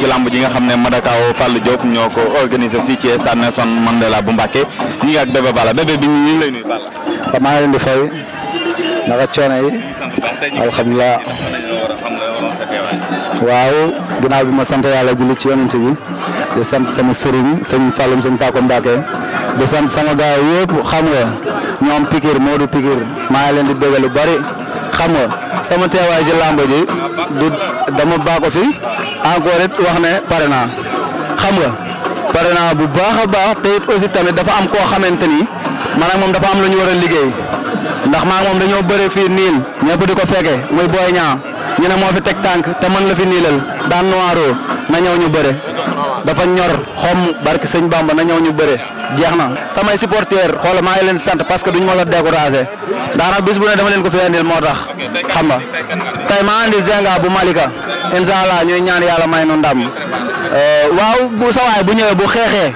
ci làmb ji nga xam ne Madakaw Fallou Diop ñoo ko organisé fii ci stade Nelson Mandela bu Mbacké ñi ngi ak bébé Balla bébé bi ñu ngi lay nuyu Balla. waaw maa ngi leen di fay naka coono yi alhamdulilah waaw ginnaaw bi ma sant yàlla julli ci yonent bi di sant sama sëriñ sëñ Falloum sëñ Tako Mbacké di sant sama gars yëpp xam nga ñoom Pikir Modou Pikir maa ngi leen di bégal lu bari xam nga sama teewaay ci làmb ji du dama bako si encore it wax ne pare naa xam nga pare naa bu baax a baax te it aussi tamit dafa am koo xamante ni man ak moom dafa am lu ñu war a liggéey ndax maa moom dañoo bëre fii niil ñëpp di ko fekke muy booy ñaa ñu ne moo fi teg tànk te man la fi niilal daan noiro na ñëw ñu bëre dafa ñor xom barki sëñ Bamba na ñëw ñu bëre jeex na samay supporters xoola maa ngi leen sant parce que duñ ma la découragé daanaka bis bu ne dama leen ko fi andil moo tax xam nga tey maa andi Zenga bu Malika incha allah ñuy ñaan yàlla may nu ndam euh, waaw bu sa bu ñëwee bu xeexee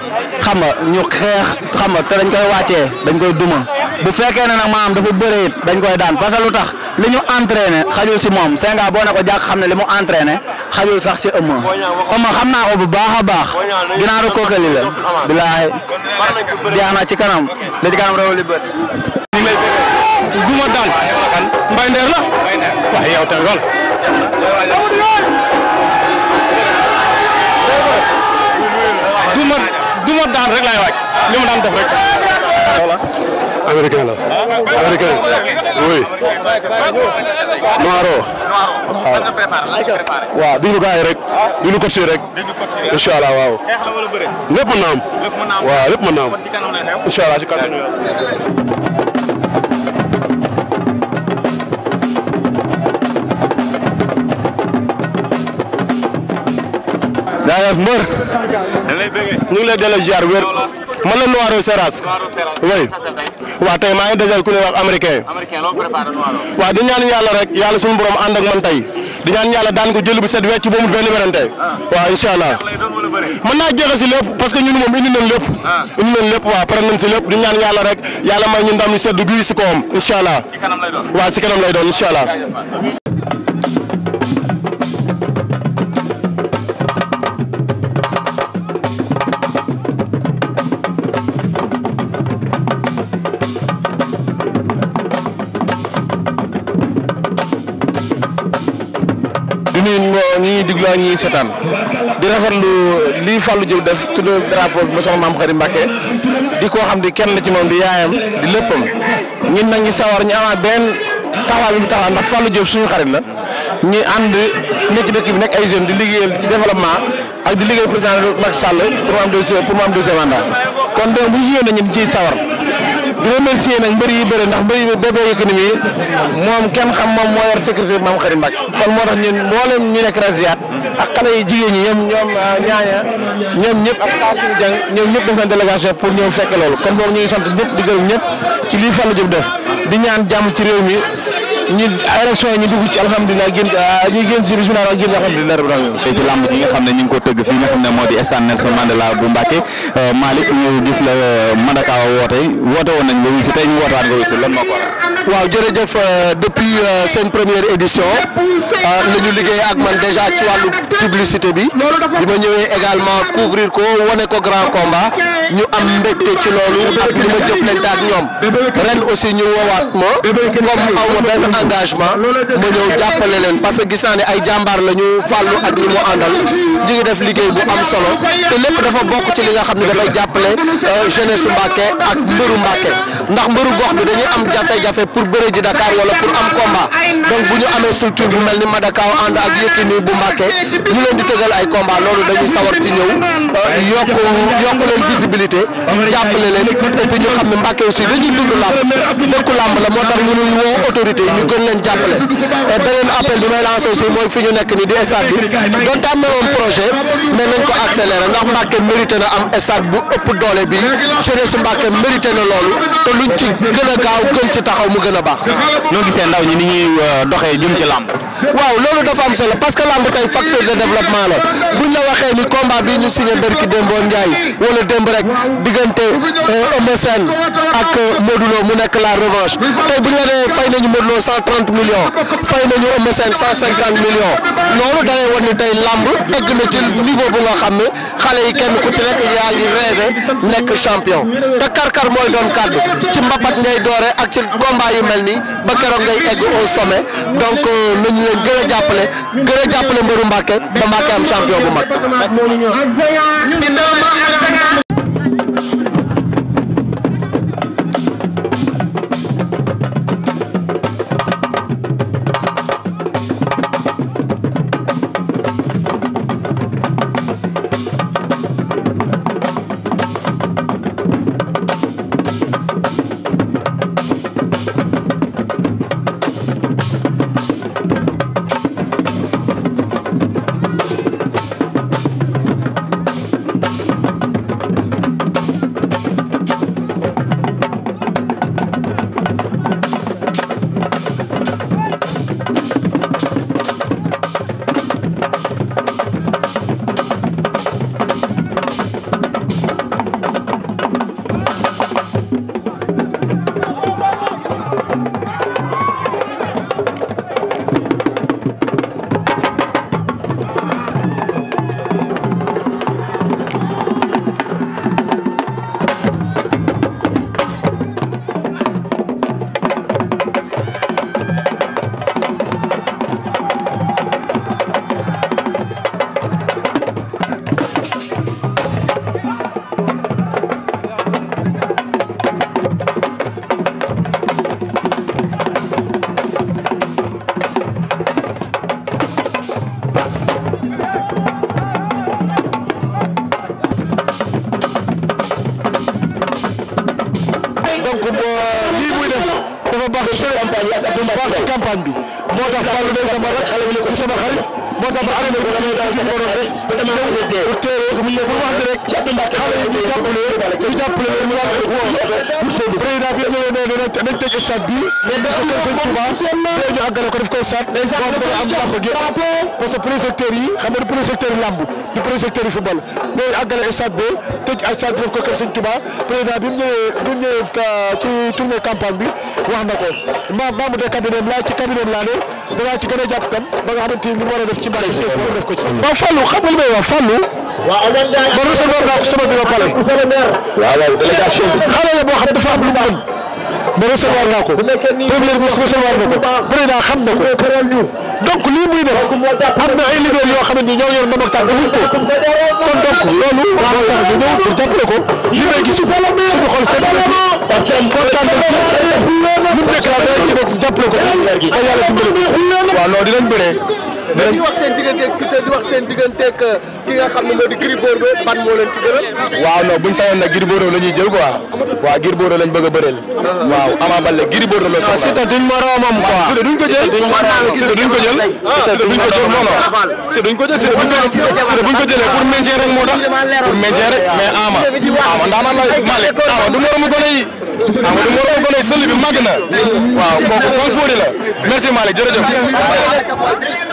xam nga ñu xeex xam nga te dañ koy wàccee dañ koy duma bu fekkee ne nag maanaam dafa bëre it dañ koy daan parce que lu tax li ñu entraîné xajul si moom Zenga boo ne ko jàkk xam ne li mu entraîné xajul sax si Eumeu Eumeu xam naa ko bu baax a baax ginaaru kookali la bilaay jeex na ci kanam li ci kanam raw li moo daan mbay ndeer la wax yow tam lool du ma du ma daan rek laay waaj li ma daan def rek voilà américain la américain oui noiro waaw déglu gars yi rek déglu coach yi rek incha allah waaw lépp mën na am waaw lépp mën na am incha allah ci kàddu waa ngi ñu ngi lay delloo ziar wér. man la Noiro Seras. oui. tey maa ngi dajal ku ne wax américain. waaw di ñaan yàlla rek yàlla suñu borom ànd ak man tey. di ñaan yàlla daan ko jël bu set wecc ba mu benn werante. Ah. waaw incha allah. mën naa jeexal si lépp parce que ñun moom indi nañ lépp. Ah. indi nañ lépp waaw pare si lépp di ñaan yàlla rek yàlla may ñu ndam ñu sedd guy si koom incha allah. waaw si kanam lay doon incha allah. ñuy diglu ak ñuy seetaan di rafetlu lii Fallou Diop def de drapeau bi ma soxna Maam Khary Mbacké di ko xam di kenn la ci moom di yaayam di léppam ñi nag ñu sawar ñu amaat benn taxawaay bi mu taxawaat ndax Fallou Diop suñu xarit la ñu ànd nekk dëkk bi nekk ay jeunes di liggéeyal ci développement ak di liggéeyal président Macky Sall pour mu am deuxième pour mu am deuxième mandat kon donc bu ñu yónnee ñun ciy sawar. di remercier nag mbër yu bëri ndax mbëri yu Bébé Yékini mi moom kenn xam moom mooy yor sécurité bi maam Xarim Mbacke kon moo tax ñun mboolem ñu nekk Rasiat ak xale yu jigéen ñi ñoom ñoom ñaaña ah, ñoom ñëpp ak Taasim Jang ñoom ñëpp def na délégation pour ñëw fekk loolu kon boog ñu ngi sant ñëpp di gërëm ñëpp ci lii Fallou Diop def di ñaan jàmm ci réew mi ñi élection yi ñu dugg ci alhamdulilah génn ah, ñu génn ci bisimilah ak génn alhamdulilah rabbil alamin tey ci làmb ji nga xam ne ñu ngi ko tëgg fii nga xam ne moo di stade Nelson Mandela bu Mbacké euh, Malick ñu gis la euh, Madakawa woote woote woon nañ nga wuyu si tey ñu wootaat nga wuyu si lan moo ko waral waaw jërëjëf euh, depuis seen première édition la ñu liggéey ak man déjà ci wàllu publicité bi bi ma ñëwee également couvrir ko wane ko grand combat ñu am mbégte ci loolu ak li ma jëflante ak ñoom ren aussi ñu woowaat ma comme aw ma benn engagement ma ñëw jàppale leen parce gis naa ne ay jàmbaar la ñu ak ñi mu àndal ñu def liggéey bu am solo te lépp dafa bokk ci li nga xam ne dafay jàppale euh, jeunesse Mbàkke ak mbëru Mbàkke ndax mbëru gox bi dañuy am jafe-jafe pour bëre ji Dakar wala pour am combat donc bu ñu amee structure bu mel ni Madakaw ànd ak Yékini bu Mbàkke ñu leen di tëgal ay combat loolu dañuy sawar ci ñëw yokk euh, yokk leen visibilité jàppale leen et ñu xam ne Mbàkke ñu gën leen jàppale et beneen appel bi may lancé aussi mooy fi ñu nekk ni di stade bi donte am na woon projet mais nañ ko accéléré ndax Mbàkke mérité na am stade bu ëpp doole bi jeunesse Mbàkke mérité na loolu te luñ ci gën a gaaw gën ci taxaw mu gën a baax. noo gisee ndaw ñi ni ñuy euh, doxee jëm ci làmb. waaw loolu dafa am solo parce que làmb tey facteur de développement la buñ la waxee ni combat bii ñu signé barki Dembo Ndiaye wala démb rek diggante euh, Eumeu euh, mu nekk la revanche tey cent trente millions fay nañu Eumeu Sène cent cinquante millions loolu da lay wan ni tey lamb egg na ci niveau bu nga xam ne xale yi kenn ku ci nekk yaa ngi rêvé nekk champion te karkar mooy doon kàddu ci mbapat ngay doore ak ci combat yu mel nii ba keroog ngay egg au sommet donc euh, nañu leen a jàppale gën a jàppale mbëru Mbàkke ba Mbàkke am champion bu mag kër yi football day àggale stade bi tëj stade bi def ko kër Sëñ Tuubaa président ci tournée campagne bi wax na ko ma membre de cabinet am laa ci cabinet am a ba nga xamante li mu war a def ci mbaa yi def ko ci. waaw Fallou xam nga li may wax Fallou. waaw man recevoir naa ko sama bureau palais. waaw waaw délégation bi. xale la boo lu mu mais recevoir naa ko premier ministre recevoir na ko président xam na ko donc lii muy def am na ay leader yoo xam ne ñoo yor ndam ak tànk defuñ ko kon donc loolu moo tax ñu ñëw pour jàppale ko li may gis suñu ko lu mu nekk daal day jàppale ko te ko mais di wax seen digganteeg Siteu di wax seen digganteeg euh, ki nga xam ne moo di Gris Bordeaux moo leen ci waaw non buñ sañoon nag Gris Bordeaux la ñuy jël quoi waaw Gris Bordeaux lañ bëgg a bëreel. waaw Ama Baldé Gris Bordeaux la soxla. Siteu duñ moroomam quoi ko jël. duñ ko jël. Siteu duñ ko jël non duñ ko jël Siteu buñ ko jël Siteu buñ ko jëlee Ama. Ama ndaanaan du moroomu gone yi. Ama bi màgg na. waaw kooku kon fóori la merci Malick jërëjëf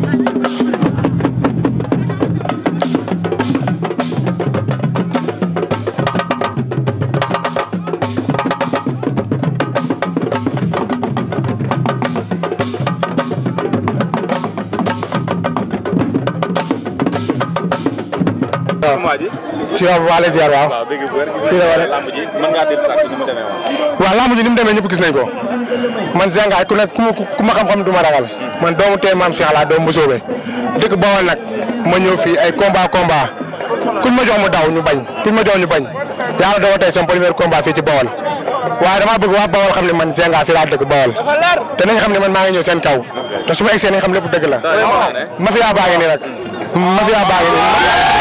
Ah, ci waaw waale ziar waaw. waaw dégg waaw lamb ji ni mu demee ñëpp gis nañ ko man Zengay ku nekk ku ma xam-xam du ma ragal man doomu tey maam Cheikh laa doomu Mbusoobe dëkk Bawol nag ma ñëw fii ay combat combat kuñ ma jox mu daw ñu bañ kuñ ma jox ñu bañ yàlla doo tey sama premier combat fii ci Bawol waaye damaa bëgg waa Bawol xam ne man Zengay fii laa dëkk Bawol te nañ xam ne man maa ngi ñëw seen kaw te su ma egsee nañ xam lépp dëgg la mafia baa ngi nii nag mafia baa ngi nii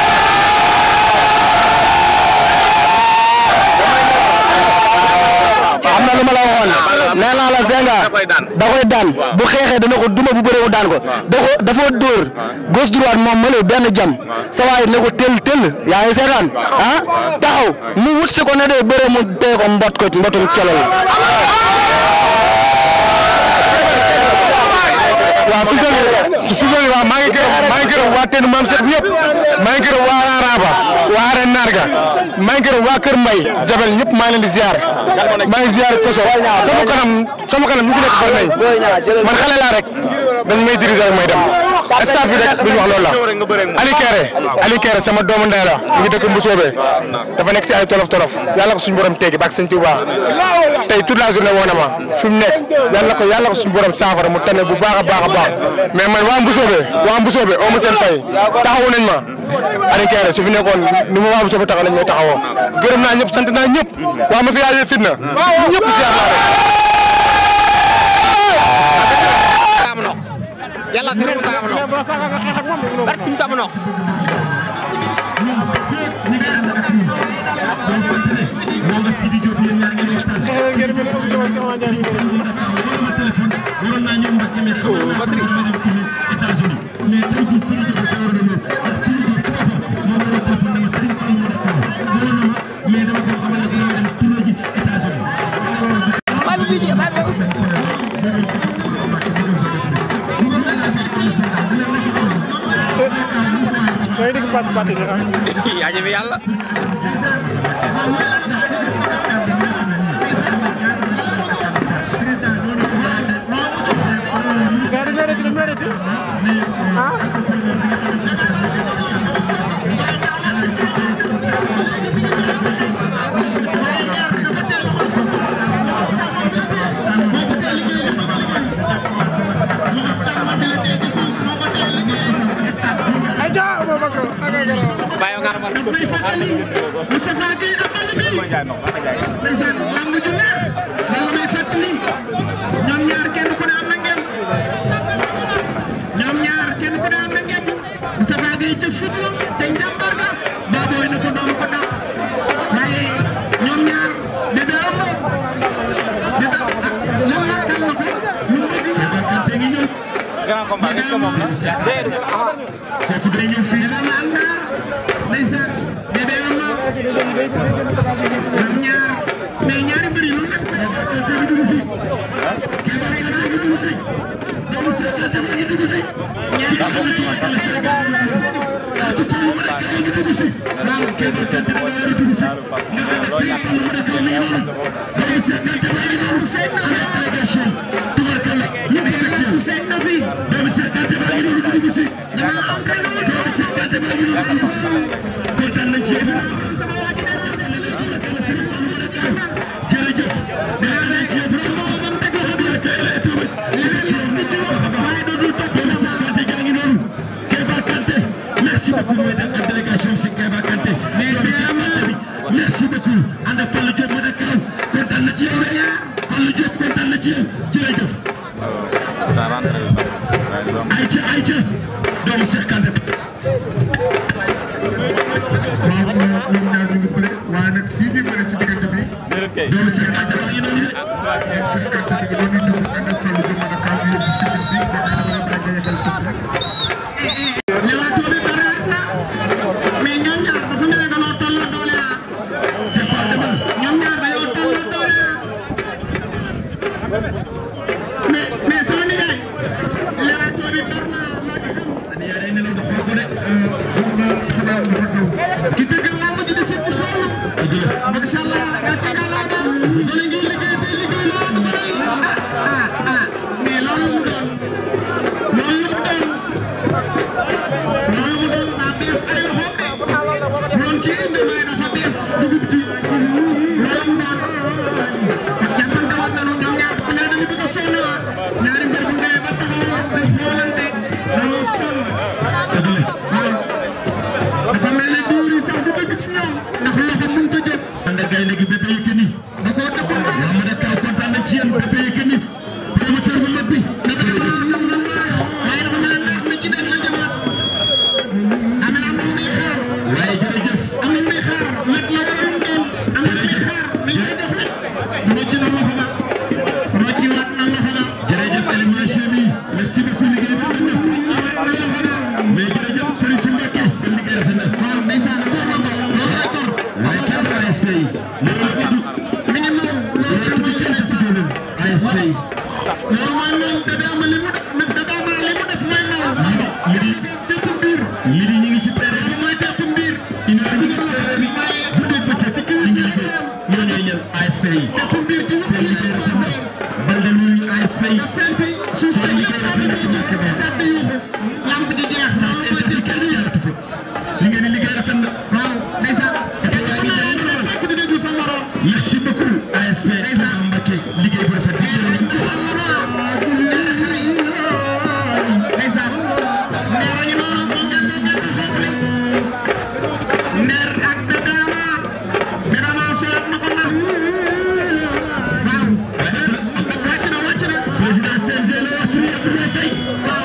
lu ma la waxoon ah, nee naa la Zenga da koy daan bu xeexee dana ko duma bu bëree daan ko da ko dafa dóor gauche moom mënul benn jam sa ne ko tël tël yaa ngi seetaan ah, taxaw mu wut si ko ne dee bëree tee ko mbot ko mbotum colo la waaw su fekkee su fekkee waaw maa ngi waa teen maam seet bi yëpp maa ngi waa Raaba waa arène Narga maa ngi gërëm waa Kër Mbaye Jabel ñëpp maa la leen di ziar maa ngi ziar koso sama kanam sama kanam ñu fi nekk bari nañ man xale laa rek dañ may diriger rek may dem stade bi rek bu ñu wax loolu la Ali sama doomu ndey la ngi dëkk Mbusoobe dafa nekk ci ay tolof tolof yàlla ko suñu borom teegi bak sëñ Tuubaa tey toute la journée woo na ma mu nekk yàlla ko yàlla ko suñu borom saafara mu tane bu baax a baax a baax mais man waa Mbusoobe waa Mbusoobe oo ma seen a Kayre su fi nekkoon ni ma waa bu soobee taxaw lañ gërëm naa ñëpp sant naa ñëpp waa ma fi yaayee fitna ñëpp ziar naa rek yaa ñeme yàlla gaa di meereti meereti ah Tali Moustapha Gueye ak Balla Gaye ndeysaan lamb ju neex loolu la may fàttali ñoom ñaar kenn ku ne am na ngeen ñoom ñaar kenn ku ne am na ngeen Moustapha Gueye ca fut la ca njàmbar la daa booy na ko doom ko dàq waaye ñoom ñaar da daa amoo da daa lan la tal na ko ñun bëgg nga dàqante gi ñëw. grand combat est-ce que moom la. ñoom ñaar mais ñaari mbir yi lu ñu am dugg si. Thank you. Kasım Sikkebat Bébé Yékini da koo dëkk lamb da kaw kontaan na ci yéen Bébé Yékini promoteur bu mag bi Thank you.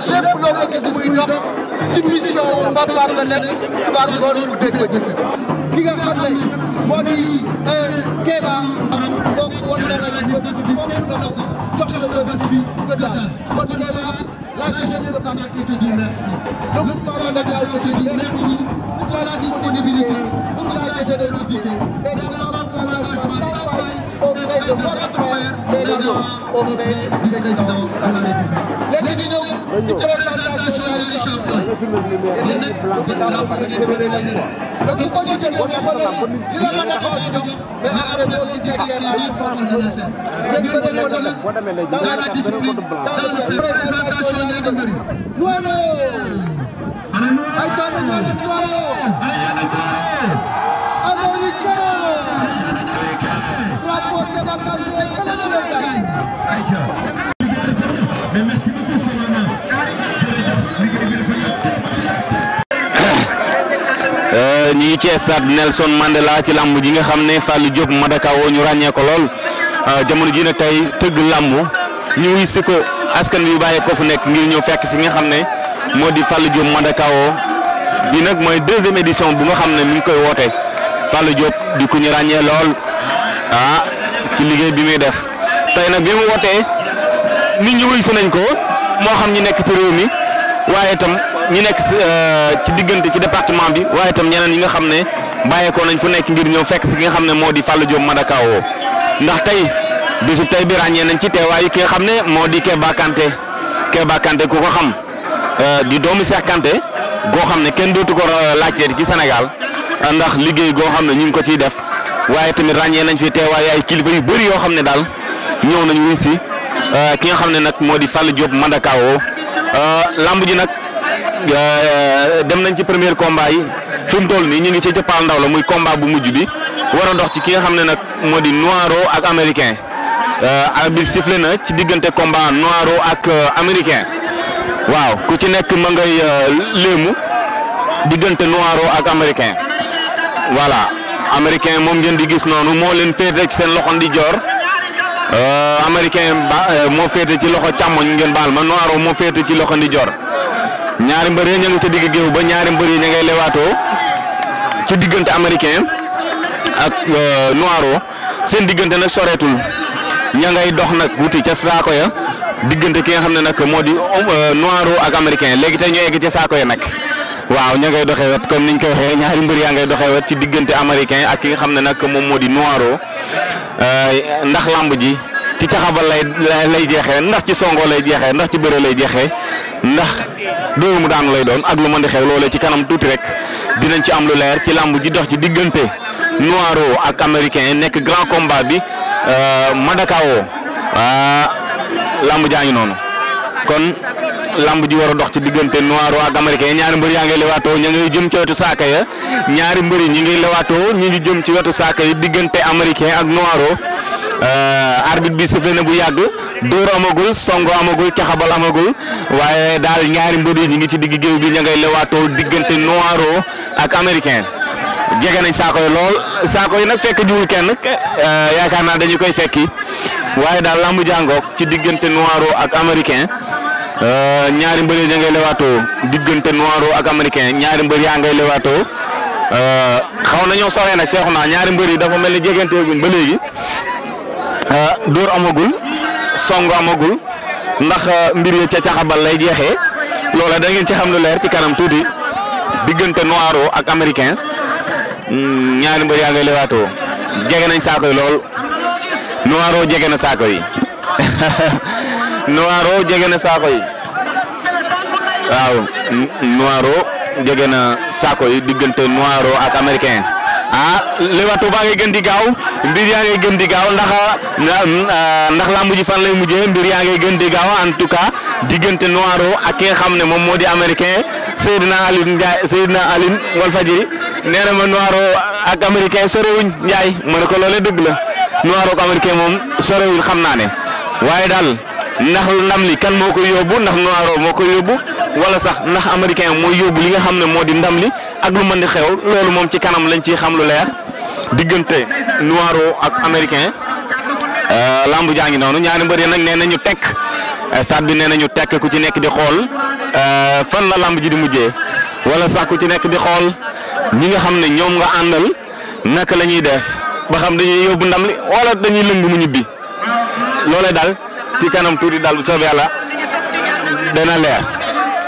te lépp loo ko gis muy dox ci mission Fapal la nekk suba ngoon mu dégg ko jëkk ki nga xam ne moo di euh, Kéba bokk wan na la ñu bés bi moom la ko jox la ko bés bi ko daal kon Kéba la jeunesse de Fapal qui te dit merci donc parents de Dakar te dit merci pour la disponibilité pour la jeunesse de l'utilité et pour l'engagement sans faille auprès de votre président au maire du président de la République léegi ñoom présentation yi di champion yéen nag bëgg naa ko ngeen bëri la ñu ne bu ko ñu jëlee wax ko la li la mën a ko ñu jox mais après boo ko gisee il y a une forme de nécessaire ngeen ko demee ko nag dans la discipline dans la présentation ñaata mbir yi. voilà. ay saa yu ñu ngi ko. ay yéen a ngi ko. drapeau ñu ngi ci stade Nelson Mandela ci làmb ji nga xam ne Fallou Diop Madakawo ñu ràññee ko lool euh, jamono ji nag tey tëgg làmb ñu wuy si ko askan bi bàyyi ko fu nekk ngir ñëw fekk si nga xam ne moo di Fallou Diop Madakawo bi nag mooy deuxième édition bu nga xam ne mi ngi koy woote Fallou Diop di ku ñu ràññee lool. ah ci liggéey bi muy def tey nag bi mu wootee nit ñi wuy nañ ko moo xam ñi nekk ci réew mi waaye itam ñi nekk euh, ci diggante ci département bi waaye tam ñeneen yi nga xam ne bàyyeekoo nañ fu nekk ngir ñëw fekk si ki nga xam ne moo di Fallou Diop Madakaw ndax tey bisu tey bi ràññee nañ ci teewaayu ki nga xam ne moo di Keba Kanté Keba Kanté ku ko xam euh, di doomu Cheikh goo xam ne kenn dootu ko euh, laajtee ci Sénégal ndax liggéey goo xam ne ñu ngi ko ciy def. waaye tamit ràññee nañ fi teewaay ay kilifa yu bëri yoo xam ne daal ñëw nañ wuy si euh, ki nga xam ne nag moo di Fallou Diop Mandakao euh, làmb ji nag euh, dem nañ ci premier combat yi fi mu nii ñu ngi ci jëppaal ndaw la muy combat bu mujj bi war a dox ci ki nga xam ne nag moo di noiro ak américain arbitre sifflé na ci diggante combat noiro ak américain waaw ku ci nekk ma ngay léemu diggante noiro ak américain voilà. américain moom ngeen di gis noonu moo leen féete ci seen loxo ndijoor euh, américain ba euh, moo féete ci loxo càmmoñ ngeen baal ma noiro moo féete ci loxo ndijoor ñaari mbër ya ña nga ca digg géew ba ñaari mbër ya ña ngay lewaatoo ci diggante américain ak euh, noiro seen diggante na soreetul ña ngay dox nag wuti ca saako ya diggante ki nga xam ne nag moo di noiro ak américain léegi tey ñu egg ca saako ya nag waaw ña ngay doxee wet comme niñ koy waxee ñaari mbër yaa ngay doxee wet ci diggante américain ak ki nga xam ne nag moom moo di noiro euh, ndax lamb ji ci caxabal lay lay jeexee ndax ci songo lay jeexee ndax ci bëre lay jeexee ndax dóor mu daanu lay doon ak lu mën di xew loolee ci kanam tuuti rek dinañ ci am lu leer ci làmb ji dox ci diggante noiro ak américain nekk grand combat bi euh, Madakawo euh, lamb jaa ngi noonu làmb ji war dox ci diggante noiro ak américain ñaari mbër yaa ngi lewaatoo ña ngay jëm ci wetu saaka ya ñaari mbër yi ñi ngi lewaatoo ñu ngi jëm ci wetu saaka yi diggante américain ak noiro euh, arbitre bi sifflé na bu yàgg dóor amagul songo amagul caxabal amagul waaye daal ñaari mbër yi ñi ngi ci digg géew bi ña ngay lewaatoo diggante noiro ak américain jege nañ saako yi lool saako yi nag fekk jiwul kenn euh, yaakaar naa dañu koy fekki waaye daal lamb jàngook ci diggante noiro ak américain Euh, ñaari mbër ya ngay lewaatoo diggante noiro ak américain ñaari mbër yaa ngay lewaatoo euh, xaw na ñoo soxee nag seexu naa ñaari mbër yi dafa mel ni jegenteeguñ ba léegi euh, dóor amagul song amagul ndax mbir ya ca caxabal lay jeexee loola da ngeen ci xam lu leer ci kanam tuuti diggante noiro ak américain mm, ñaari mbër yaa ngay lewaatoo jege nañ saako yi lool noiro jege na saako yi noiro jege na saako yi waaw Noiro jege na saako yi diggante Noiro ak américain ah lewato baa ngay gën di gaaw mbir yaa ngay gën di gaaw ndax ah, ndax làmb fan lay mujjee mbir yaa ngay gën di gaaw en tout cas diggante Noiro ak ki nga xam ne moom moo di américain Seydina Aline Ndiaye Seydina Aline Walfadjiri nee na ma Noiro ak américain sorewuñ Ndiaye ma ne ko la Noiro ak américain moom sorewuñ xam naa ne waaye daal. ndax ndam li kan moo koy yóbbu ndax noiro moo koy yóbbu wala sax ndax américain mooy yóbbu li nga xam ne moo di ndam li ak lu mën di xew loolu moom ci kanam lañ ciy xam lu leer diggante noiro ak américain euh, lambu jaa ngi noonu ñaari mbër nag nee nañu tekk euh, stade bi nee nañu tekk ku ci nekk di xool euh, fan la lamb ji di mujjee wala sax ku ci nekk di xool ñi nga xam ne ñoom nga àndal naka la ñuy def ba xam dañuy yóbbu ndam li wala dañuy lëng mu ñibbi loolee ci kanam tuuti daal bu soobee yàlla dana leer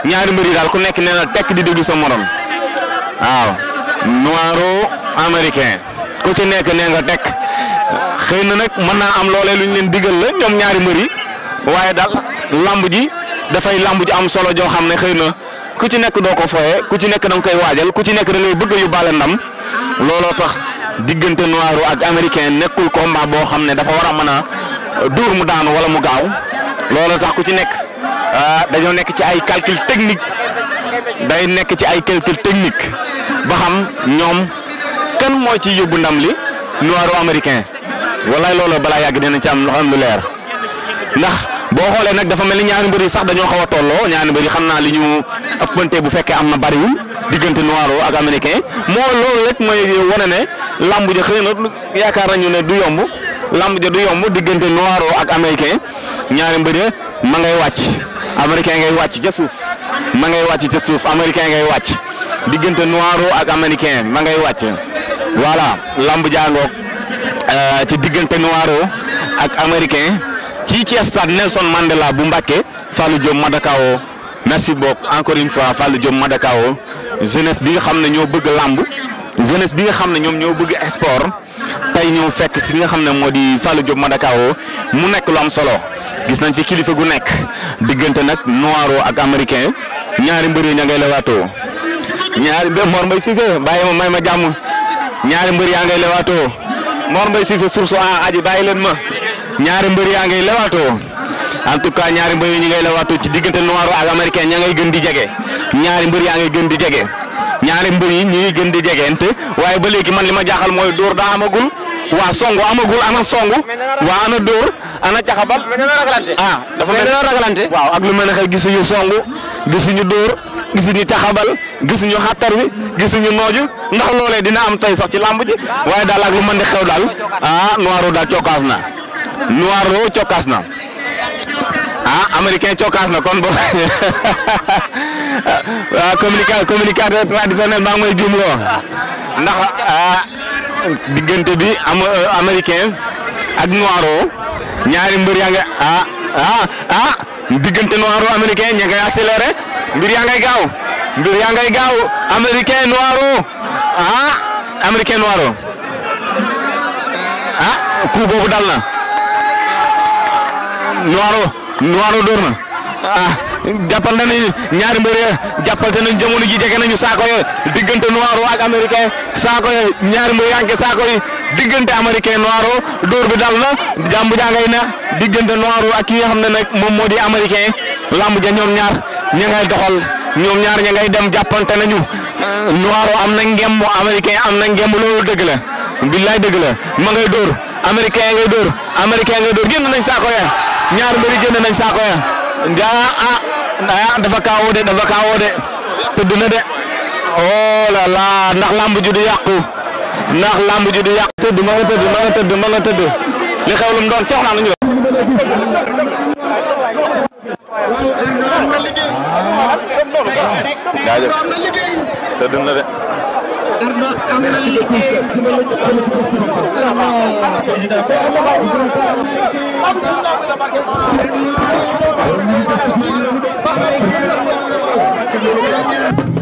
ñaari mbër yi daal ku nekk nee dekk di déglu sa morom waaw noiro américain ku ci nekk nee nga tekk xëy na nag mën naa am loole lu ñu leen digal la ñoom ñaari mbër yi waaye daal lamb ji dafay lamb ji am solo joo xam ne xëy na ku ci nekk doo ko foyee ku ci nekk da koy waajal ku ci nekk da bëgg yu bale ndam looloo tax diggante noiro ak américain nekkul combat boo xam ne dafa war a mën dóor mu daanu wala mu gaaw loolu tax ku ci nekk ah, dañoo nekk ci ay calcul technique day nekk ci ay calcul technique ba xam ñoom kan moo ci yóbbu ndam li noiru américain wallaay loolu balaa yàgg na ci am am lu leer ndax boo xoolee nag dafa mel ni ñaari mbër yi sax dañoo xaw a tolloo ñaari mbër yi xam naa li ñu ëppante bu fekkee am na bariwul diggante noiro ak américain moo loolu rek mooy wane ne làmb ja xëy na yaakaar nañu ne du yomb làmb ja du yomb diggante noiro ak américain ñaari mbër ma ngay wàcc américain ngay wàcc ca suuf ma ngay wàcc ca suuf américain ngay wàcc diggante noiro ak américain ma ngay wàcc voilà lamb jaangoog euh, ci diggante noiro ak américain ci ci stade Nelson Mandela bu Mbacké Fallou Diop Madakaw merci beaucoup encore une fois Fallou Diop Madakaw jeunesse bi nga xam na ñoo bëgg lamb jeunesse bi nga xam ne ñoom ñoo bëgg sport tey ñëw fekk si nga xam ne moo di Fallou Diop Madakaw mu nekk lu am solo gis nañ fi kilifa gu nekk diggante nag noiro ak américain ñaari mbër yi ña ngay lewaatoo ñaari Mor Mbaye Cissé bàyyi ma may ma ñaari mbër yaa ngay lewaatoo Mor Mbaye Cissé suuf su a bàyyi leen ma ñaari mbër yaa ngay lewaatoo tout cas ñaari mbër yi ñu ngay lewaatoo ci diggante noiro ak américain ña ngay gën di jege ñaari mbër yaa ngay gën di jege. ñaari mbër yi ñi ngi gën di jegeente waaye ba léegi man li ma jaaxal mooy dóor daa amagul waa songu amagul ana songu waa ana dóor ana caxabal ah dafa mel dañoo ragalante ak lu mel a xel gisuñu songu gisuñu dóor gisuñu caxabal gisuñu xattar bi gisuñu nooju ndax loolee dina am tey sax ci làmb ji waaye daal ak lu man di xew daal ah Noiro daal cokkaas na Noiro cokkaas na ah américain cokaas na kon boobu ah, communicateur traditionnel maa ngi may jumloo ah, bi am euh, américain noiro ñaari mbër ah ah ah diggante noiro américain ña ngay accéléré mbir yaa ngay gaaw américain noiro ah américain noiro ah coup boobu dal noiro Waalo door na ah jàppal na ni ñaari mbër ya jàppante nañ ji jege nañu saako ya diggante noiro ak américain saako ya ñaari mbër yaa ngi saako yi diggante américain noiro dóor bi dal na jàmbu jaa ngay na diggante noiro ak ki nga xam ne moom moo di américain làmb ja ñoom ñaar ña ngay doxal ñoom ñaar ña ngay dem jàppante nañu noiro am na ngemb américain am na ngemb loolu dëgg la billaay dëgg la ma ngay dóor américain ngay dóor dóor génn nañ saako ya ñaar mbëri génn nañ saako ya jaa ah ah dafa kaawoo de dafa kaawoo de tudd na de oh la la ndax lamb ju du yàqu ndax lamb ju du yàqu tëdd ma nga tëdd ma nga tëdd ma nga tëdd li xew lu doon soxna lu ñu jaajëf Ardo am na liggéey. Thank you.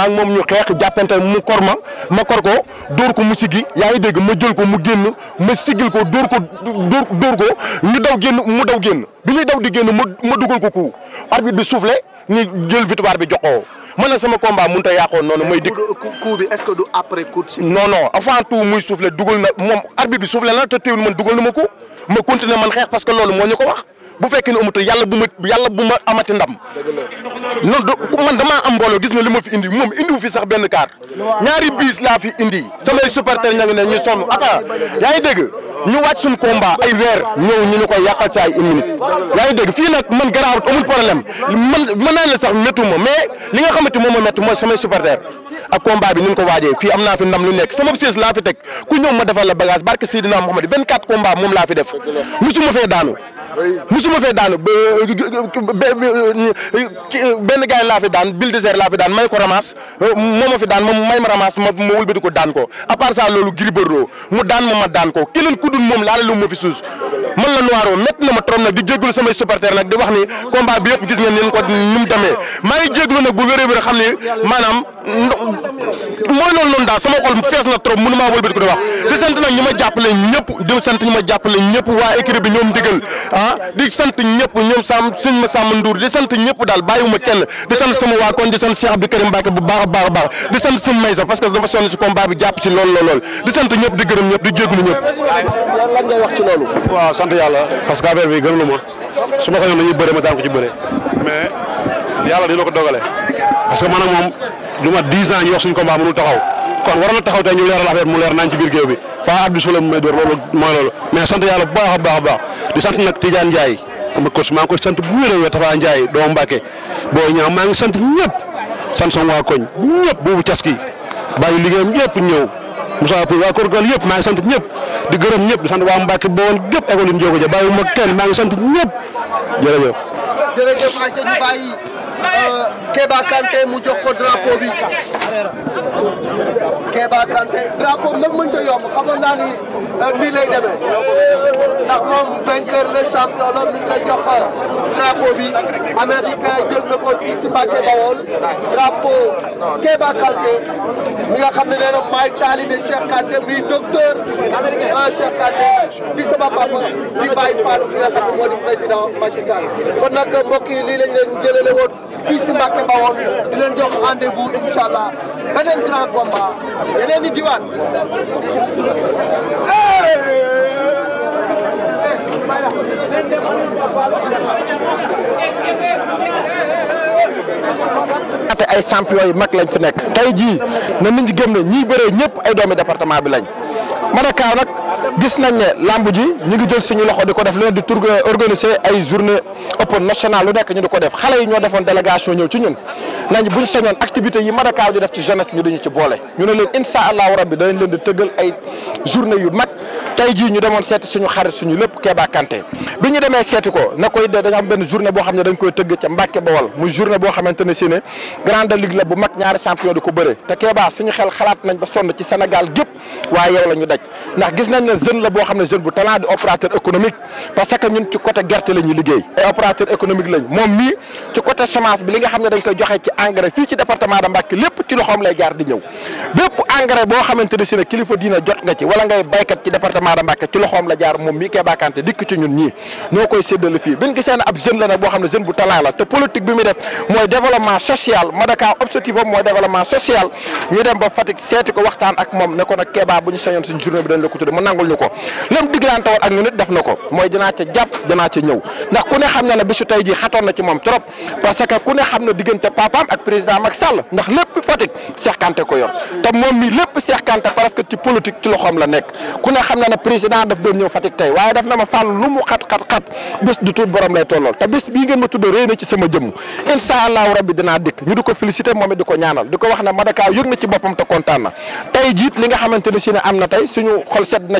maa moom ñu xeex jàppante mu kor ma ma kor ko dóor ko mu siggi yaa ngi dégg ma jël ko mu génn ma siggil ko dóor ko dóor dóor ko ñu daw génn mu daw génn bi ñuy daw di génn ma ma dugal ko kuu arbitre bi soufflé bi jox ko mën na sama a yàqoon noonu. may dikk coup bi est-ce que du après coup non non avant tout muy soufflé dugal na moom arbitre bi soufflé na te teewul man dugal na ma ko ma continuer man xeex parce que loolu moo ñu ko wax. bu fekkee ne amatul yàlla bu ma yàlla bu ma amati ndam. non man damaa am mbooloo gis na li ma fi indi moom wu fi sax benn kaar ñaari biis laa fi indi samay supporter ña ngi ne ñu sonn attends yaa ngi dégg ñu wàcc suñu combat ay weer ñëw ñu ne koy yàqal saa ay une minute yaa ngi dégg fii nag man garaawut amul problème man mën naa ne sax méttu ma mais li nga xamante moom ma métti mooy samay supporter ak combat bi ni nga ko waajee fii am naa fi ndam lu nekk sama siis laa fi teg daanu musuma fee daan benn gars laa fi daan bil désert laa fi daan may ko ramas moo ma fi daan may ma ramas ma ma wëlbati ko daan ko à part ça loolu Gris Bordeaux mu daan ma ma daan ko keneen ku dul moom laala lu ma fi suus man la noiro métti na ma trop nag di jégalu samay supporter nag di wax ni combat bi yëpp gis ngeen ni ko ni mu demee maa nag bu wér a wér xam ni maanaam mooy loolu noonu daal sama xol fees na trop mënu maa wëlbati ko di wax di sant nag ñu ma jàppale ñëpp ñëpp waa équipe bi ñoom digal ah di sant ñëpp ñoom sàmm suñ ma sàmm nduur di sant ñëpp daal bàyyiwuma kenn di sant sama waa kon di sant Cheikh Abdou Karim Mbacke bu baax a a baax di sant suñu may sax parce que dafa sonn ci combat bi jàpp ci loolu lool di sant ñëpp di gërëm di jégalu ñëpp. lan lan ngay wax ci waaw sant yàlla parce que affaire bi gënaluma su ma ko ñëw nañuy daan ko ci bëre mais yàlla dina ko dogale parce que man ak moom lu ma 10 ans ñu wax suñu combat mënul taxaw kon war na taxaw tey ñu leeral affaire a leer mu may door loolu mooy loolu sant yàlla baax a baax a baax di sant nag Tidiane Ndiaye sama coach maa ngi koy sant bu wér a wér Tafa Ndiaye doomu Mbacke boo ñaaw maa ngi sant ñëpp sant sama waa koñ ñëpp boobu cas ki bàyyi liggéeyam ñëw Moussa Pouy waa Korgol yëpp maa ngi sant ñëpp di gërëm ñëpp di sant waa Mbacke Bawol gépp école yi Ndiogo ja bàyyi ma kenn maa ngi sant ñëpp jërëjëf. jërëjëf Anta ñu bàyyi euh, Kéba Kanté mu jox ko bi Kéba Kanté drapeau nag mënut a yomb xamoon naa ni euh, nii euh, bi Amérique jël na ko fii si Mbacke Bawol Kéba Kanté mi nga xam ne nee na maay taalibe Cheikh Kanté muy docteur ah Cheikh Kanté di sama papa di Baye Fall nga xam ne moo di président Macky Sall kon nag mbokk yi lii lañ leen jëlale woon fii si Mbacke Bawol di leen jox rendez i te ay champion yu mag lañ fi nekk tey jii na nit ñi gëm ne bëree ñëpp ay doomi département bi lañ Madakaw nag gis nañ ne lamb ji ñu ngi jël suñu loxo di ko def leen di tour organiser ay journée open national lu nekk ñu di ko def xale yi ñoo defoon délégation ñëw ci ñun nañ buñ sañoon activité yi Madakaw di def ci jeunesse ñu dañu ci boole ñu ne leen incha allahu rabbi danañ leen di tëggal ay journée yu mag tey jii ñu demoon seeti suñu xarit suñu lépp Kéba Kanté bi ñu demee seeti ko na koy da nga am benn journée boo xam ne dañ koy tëgg ca Mbàkke Bawol muy journée boo xamante ne si ne grande ligue la bu mag ñaari champion di ko bëre te Kéba xel xalaat nañ ba sonn ci Sénégal gépp waaye yow la ñu daj nee moom mii ci côté semence bi li nga xam ne dañ koy joxe ci engrais fii ci département de Mbacké lépp ci loxoom lay jaar di ñëw bépp engrais boo xamante dikk ci ñun ñii ñoo koy séddale fii biñ gisee ne ab jeune la nag boo xam ne jeune bu talent la te politique bi muy def mooy développement social Madaka objectif am mooy développement social ñu dem ba Fatick seeti ko waxtaan ak moom ne ko nag bu ñu sañoon suñ journée bi dañ la ko nangul ñu ko lam diglante ndax lépp Fatick Cheikh ko yor te moom mi lépp Cheikh parce que ci politique ci loxoom la nekk ku ne xam na président daf doon ñëw Fatick tey waaye daf na ma fàll lu mu xat xat xat bés du tuut borom lay tollool te bés bii ngeen ma tudd réy ci sama jëmm incha allahu rabbi dinaa dikk ñu di ko féliciter moom it di ko ñaanal di ko wax ne Madakaw yëg na ci boppam te kontaan tey jiit li nga xamante si ne am na tey suñu xol sedd na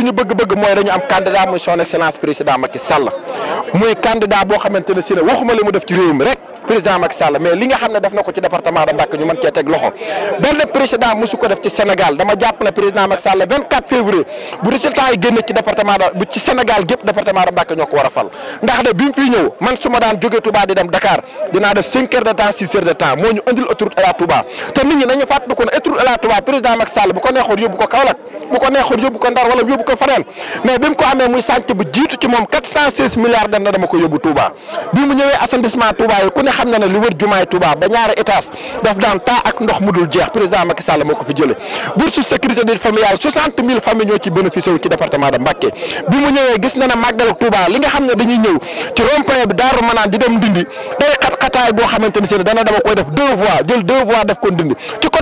ñu bëgg-bëgg mooy dañu am candidat muy son excellence président Macky Sall muy candidat boo xamante ne si ne waxuma li mu def ci réew mi rek. président Macky Sall mais li nga xam ne def na ko ci département de Mbacké ñu mën cee teg loxo benn président mosu ko def ci Sénégal dama jàpp ne président Macky Sall 24 bu résultat yi génne ci département bu ci Sénégal gépp département de Mbacké ñoo ko war fal ndax de bi mu fiy ñëw man su daan jógee Touba di dem Dakar dinaa def 5 heures de temps 6 heures de temps moo ñu andil autoroute à la te nit ñi nañu fàttaliku ne ko neexoon yóbbu ko xam na ne lu wër jumaay Touba ba ñaari étage daf daan taa ak ndox mu dul jeex président Macky Sall moo fi jëlee bourse sécurité des familiales soixante mille familles ñoo ci bénéficié wu ci département de Mbacké bi mu ñëwee gis na ne màggal li nga xam ne dañuy ñëw ci rond-point bi Daaru Manaan di dem Ndindi day xat-xataay boo xamante ni seen dana dama koy def deux voies deux voies def ko Ndindi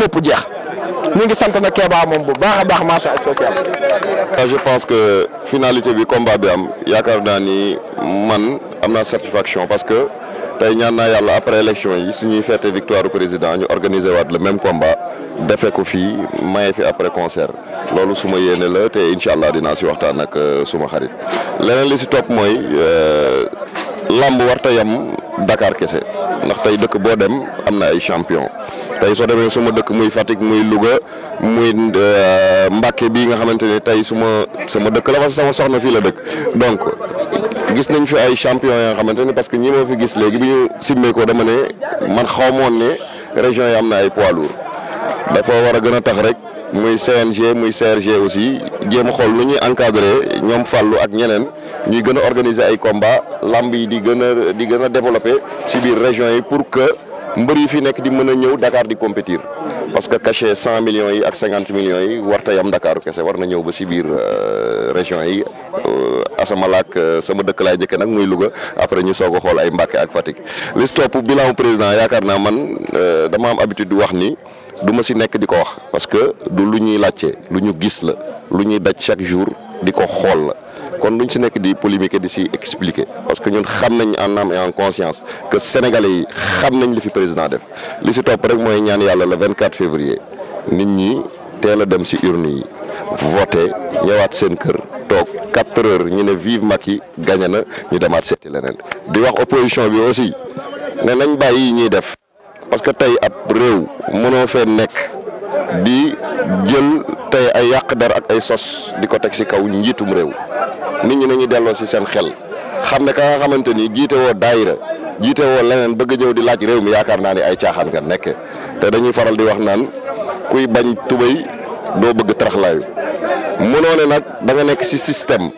lépp jeex ñu ngi sant na Kéba moom bu baax a baax mention spéciale. ça je pense que finalité bi combat bi am yaakaar naa ni man am naa satisfaction parce que tey ñaan naa yàlla après élection yi suñuy feete victoire du président ñu organiser waat le même combat defee ko fii maye fi après concert loolu suma yéene la te incha allah dinaa si waxtaan ak euh, suma xarit leneen li si topp mooy euh, làmb warta yam dakaar kese ndax tey dëkk boo dem am na ay champion tey soo demee suma dëkk muy Fatick muy Louga muy euh, Mbacke bii nga xamante ne tey suma sama dëkk la parce sama soxna fii la dëkk donc gis nañ fi ay champion yoo xamante ne parce que ñi ma fi gis léegi bi ñu simmee ko dama ne man xawmoon ne région yi am na ay poids lourds dafa war a gën a tax rek muy CNG muy CRG aussi jéem a xool nu ñuy encadré ñoom fàllu ak ñeneen ñuy gën a organiser ay combat làmb yi di gën a di gën a développé si biir région yi pour que mbër yi fi nekk di mën a ñëw dakaar di compétir parce que cachet cent millions yi ak cinquante millions yi warta yam dakaaru kese war na ñëw ba si biir euh, région yi euh, asamalaak euh, sama dëkk laay jëkke nag muy Louga après ñu soog a xool ay Mbàkke ak Fatick li si topp bilan président yaakaar naa man dama am habitude di wax ni du ma si nekk di ko wax parce que du lu ñuy laajte lu ñu gis la lu ñuy daj chaque jour di ko xool la kon ñu si nekk di polémiquer di si expliquer parce que ñun xam nañ en am et en conscience que sénégalais yi xam nañ li fi président def li si topp rek mooy ñaan yàlla le 24 février nit ñi teel a dem si urne yi voté ñëwaat seen kër toog 4 heures ñu ne vive Macky gagné na ñu demaat seeti leneen di wax opposition bi aussi ne nañ bàyyi ñuy def parce que tey ab réew mënoo fee nekk. di jël tey ay yàq der ak ay sos di ko teg ci kaw njiitum réew nit ñi nañu delloo ci seen xel xam ne ka nga xamante ni jiite woo daayira jiite woo leneen bëgg ñëw di laaj réew mi yaakaar naa ni ay caaxaan nga nekk te dañuy faral di wax naan kuy bañ tubéy doo bëgg taraxlaayu mënoo ne nag danga nekk ci système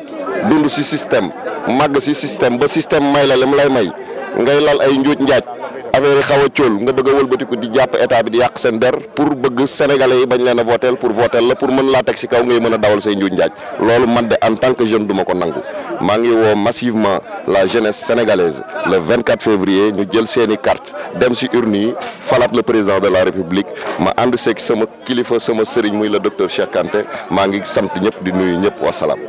dund ci système màgg ci système ba système may la li mu lay may ngay lal ay njuuj njaaj affaire yi xaw a cóol nga bëgg a wëlbatiku di jàpp état bi di yàq seen der pour bëgg sénégalais yi bañ leen a votel pour votel la pour mën laa teg si kaw ngay mën a dawal say njuuj njaaj loolu man de en tant que jeune du ma ko nangu maa ngi woo massivement la jeunesse sénégalaise le 24 février ñu jël seeni carte dem si urne yi falaat le président de la république ma ànd seeg sama kilifa sama sëriñ muy la docteur Cheikh Kanté maa ngi sant ñëpp di nuyu ñëpp wasalaam